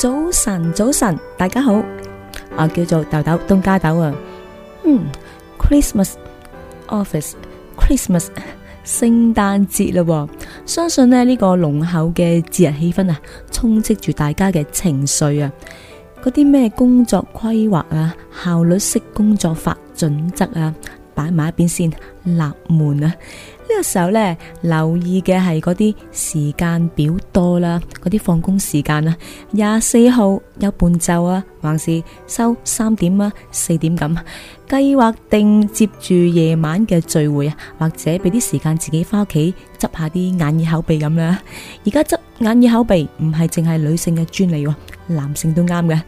早晨，早晨，大家好，我叫做豆豆東加豆啊。嗯，Christmas Office，Christmas 聖誕節啦喎，相信咧呢、呢個濃厚嘅節日氣氛啊，充斥住大家嘅情緒啊。嗰啲咩工作規劃啊，效率式工作法準則啊，擺埋一邊先，納悶啊。呢個時候呢，留意嘅係嗰啲時間表多啦，嗰啲放工時間啊，廿四號有半晝啊，還是收三點啊、四點咁，計劃定接住夜晚嘅聚會啊，或者俾啲時間自己返屋企執下啲眼耳口鼻咁，啊、啦。而家執眼耳口鼻唔係淨係女性嘅專利，啊，男性都啱嘅。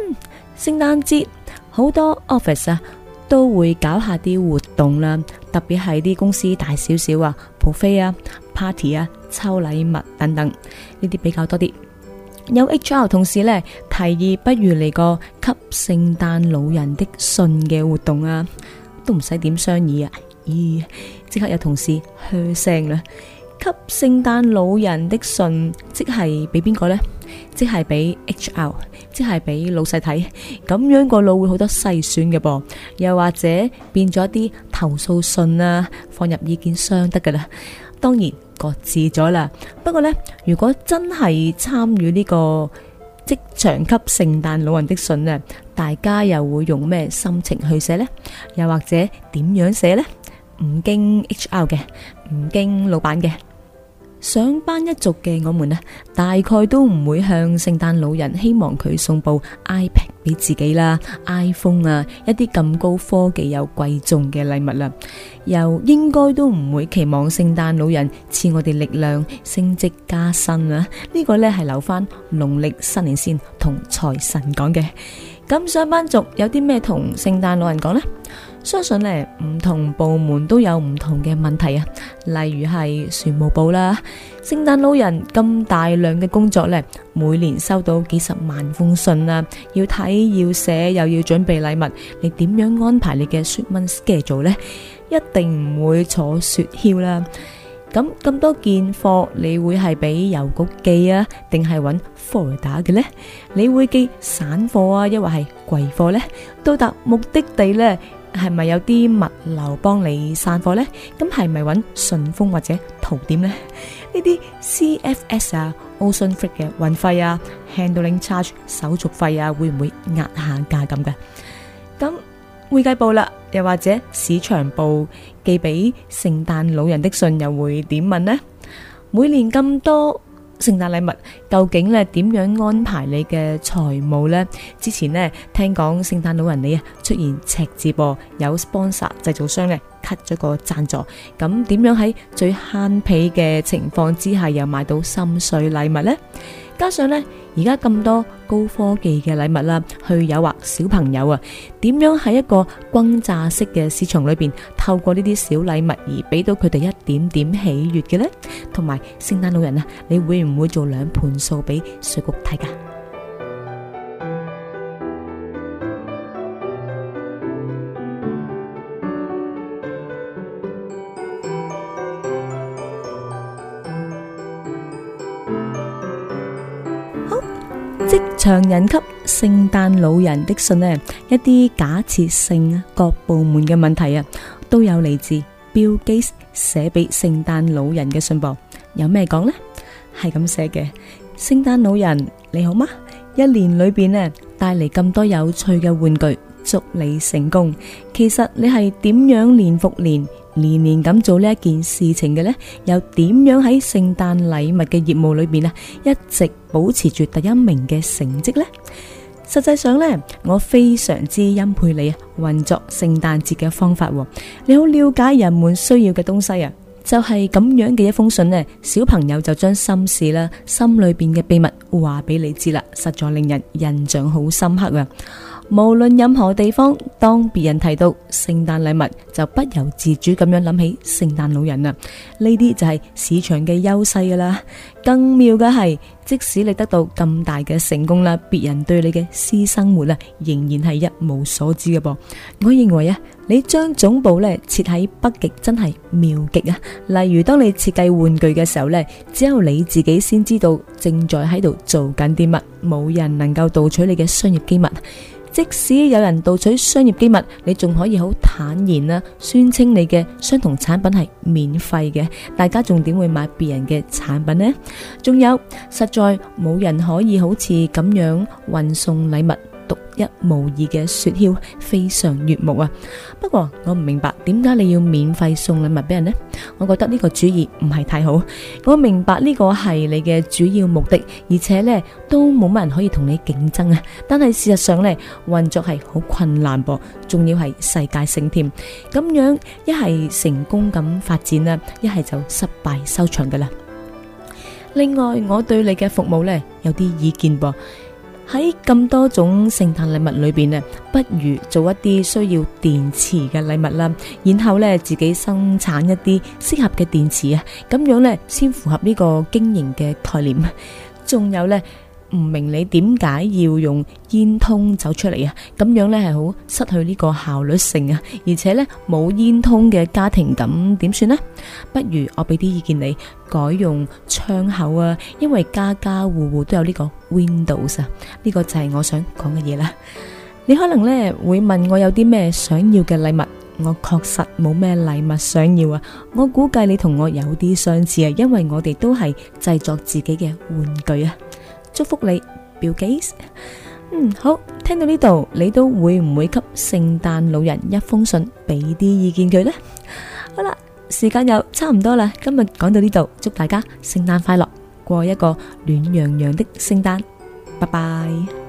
嗯，聖誕節好多 office 啊，都會搞下啲活動啦，啊。特別係啲公司大少少啊，派飛啊、party 啊、抽禮物等等，呢啲比較多啲。有 HR 同事呢提議，不如嚟個給聖誕老人的信嘅活動啊，都唔使點商議啊。咦，即刻有同事噓聲啦！給聖誕老人的信，即係俾邊個呢？即係俾 HR，即係俾老細睇，咁樣個腦會好多篩選嘅噃，又或者變咗啲投訴信啦，放入意見箱得噶啦，當然擱置咗啦。不過呢，如果真係參與呢個職場級聖誕老人的信啊，大家又會用咩心情去寫呢？又或者點樣寫呢？唔經 HR 嘅，唔經老闆嘅。上班一族嘅我們咧，大概都唔會向聖誕老人希望佢送部 iPad 俾自己啦，iPhone 啊，一啲咁高科技又貴重嘅禮物啦，又應該都唔會期望聖誕老人賜我哋力量升職加薪啊！呢個呢係留翻農曆新年先同財神講嘅。咁上班族有啲咩同聖誕老人講呢？相信呢，唔同部門都有唔同嘅問題啊，例如係船務部啦，聖誕老人咁大量嘅工作呢，每年收到幾十萬封信啦，要睇要寫又要準備禮物，你點樣安排你嘅 shipment schedule 呢？一定唔會坐雪橇啦。咁咁多件貨，你會係俾郵局寄啊，定係搵貨來打嘅呢？你會寄散貨啊，亦或係櫃貨呢？到達目的地呢，係咪有啲物流幫你散貨呢？咁係咪搵順豐或者淘點呢？呢啲 CFS 啊、Ocean Freight 嘅運費啊、Handling Charge 手續費啊，會唔會壓下價咁嘅？咁會計部啦。又或者市場部寄俾聖誕老人的信又會點問呢？每年咁多聖誕禮物，究竟咧點樣安排你嘅財務呢？之前呢，聽講聖誕老人你啊出現赤字噃，有 sponsor 製造商嘅。cut 咗個贊助，咁點樣喺最慳皮嘅情況之下，又買到心水禮物咧？加上咧，而家咁多高科技嘅禮物啦，去誘惑小朋友啊？點樣喺一個轟炸式嘅市場裏邊，透過呢啲小禮物而俾到佢哋一點點喜悅嘅咧？同埋，聖誕老人啊，你會唔會做兩盤數俾稅局睇噶？長人給聖誕老人的信呢，一啲假設性各部門嘅問題啊，都有嚟自 Bill Gates 寫俾聖誕老人嘅信噃，有咩講呢？係咁寫嘅，聖誕老人你好嗎？一年裏邊呢帶嚟咁多有趣嘅玩具，祝你成功。其實你係點樣年復年？年年咁做呢一件事情嘅咧，又點樣喺聖誕禮物嘅業務裏邊啊，一直保持住第一名嘅成績咧？實際上咧，我非常之欽佩你啊，運作聖誕節嘅方法，你好了解人們需要嘅東西啊，就係咁樣嘅一封信咧，小朋友就將心事啦，心裏邊嘅秘密話俾你知啦，實在令人印象好深刻啊！無論任何地方，當別人提到聖誕禮物，就不由自主咁樣諗起聖誕老人啦。呢啲就係市場嘅優勢噶啦。更妙嘅係，即使你得到咁大嘅成功啦，別人對你嘅私生活啊，仍然係一無所知嘅噃。我認為啊，你將總部呢設喺北極真係妙極啊。例如當你設計玩具嘅時候呢，只有你自己先知道正在喺度做緊啲乜，冇人能夠盜取你嘅商業機密。即使有人盜取商業機密，你仲可以好坦然啦，宣稱你嘅相同產品係免費嘅，大家仲點會買別人嘅產品呢？仲有，實在冇人可以好似咁樣運送禮物。獨一無二嘅雪橇非常悅目啊！不過我唔明白點解你要免費送禮物俾人呢？我覺得呢個主意唔係太好。我明白呢個係你嘅主要目的，而且呢都冇乜人可以同你競爭啊！但係事實上呢運作係好困難噃，仲要係世界性添。咁樣一係成功咁發展啦，一係就失敗收場噶啦。另外我對你嘅服務呢有啲意見噃。喺咁多種聖誕禮物裏邊啊，不如做一啲需要電池嘅禮物啦，然後呢，自己生產一啲適合嘅電池啊，咁樣呢先符合呢個經營嘅概念。仲有呢。唔明你點解要用煙通走出嚟啊？咁樣呢係好失去呢個效率性啊！而且呢冇煙通嘅家庭咁點算呢？不如我俾啲意見你，改用窗口啊！因為家家戶戶都有呢個 Windows 啊！呢個就係我想講嘅嘢啦。你可能呢會問我有啲咩想要嘅禮物？我確實冇咩禮物想要啊！我估計你同我有啲相似啊，因為我哋都係製作自己嘅玩具啊！祝福你，Bill Gates。嗯，好，聽到呢度，你都會唔會給聖誕老人一封信，俾啲意見佢呢？好啦，時間又差唔多啦，今日講到呢度，祝大家聖誕快樂，過一個暖洋洋的聖誕，拜拜。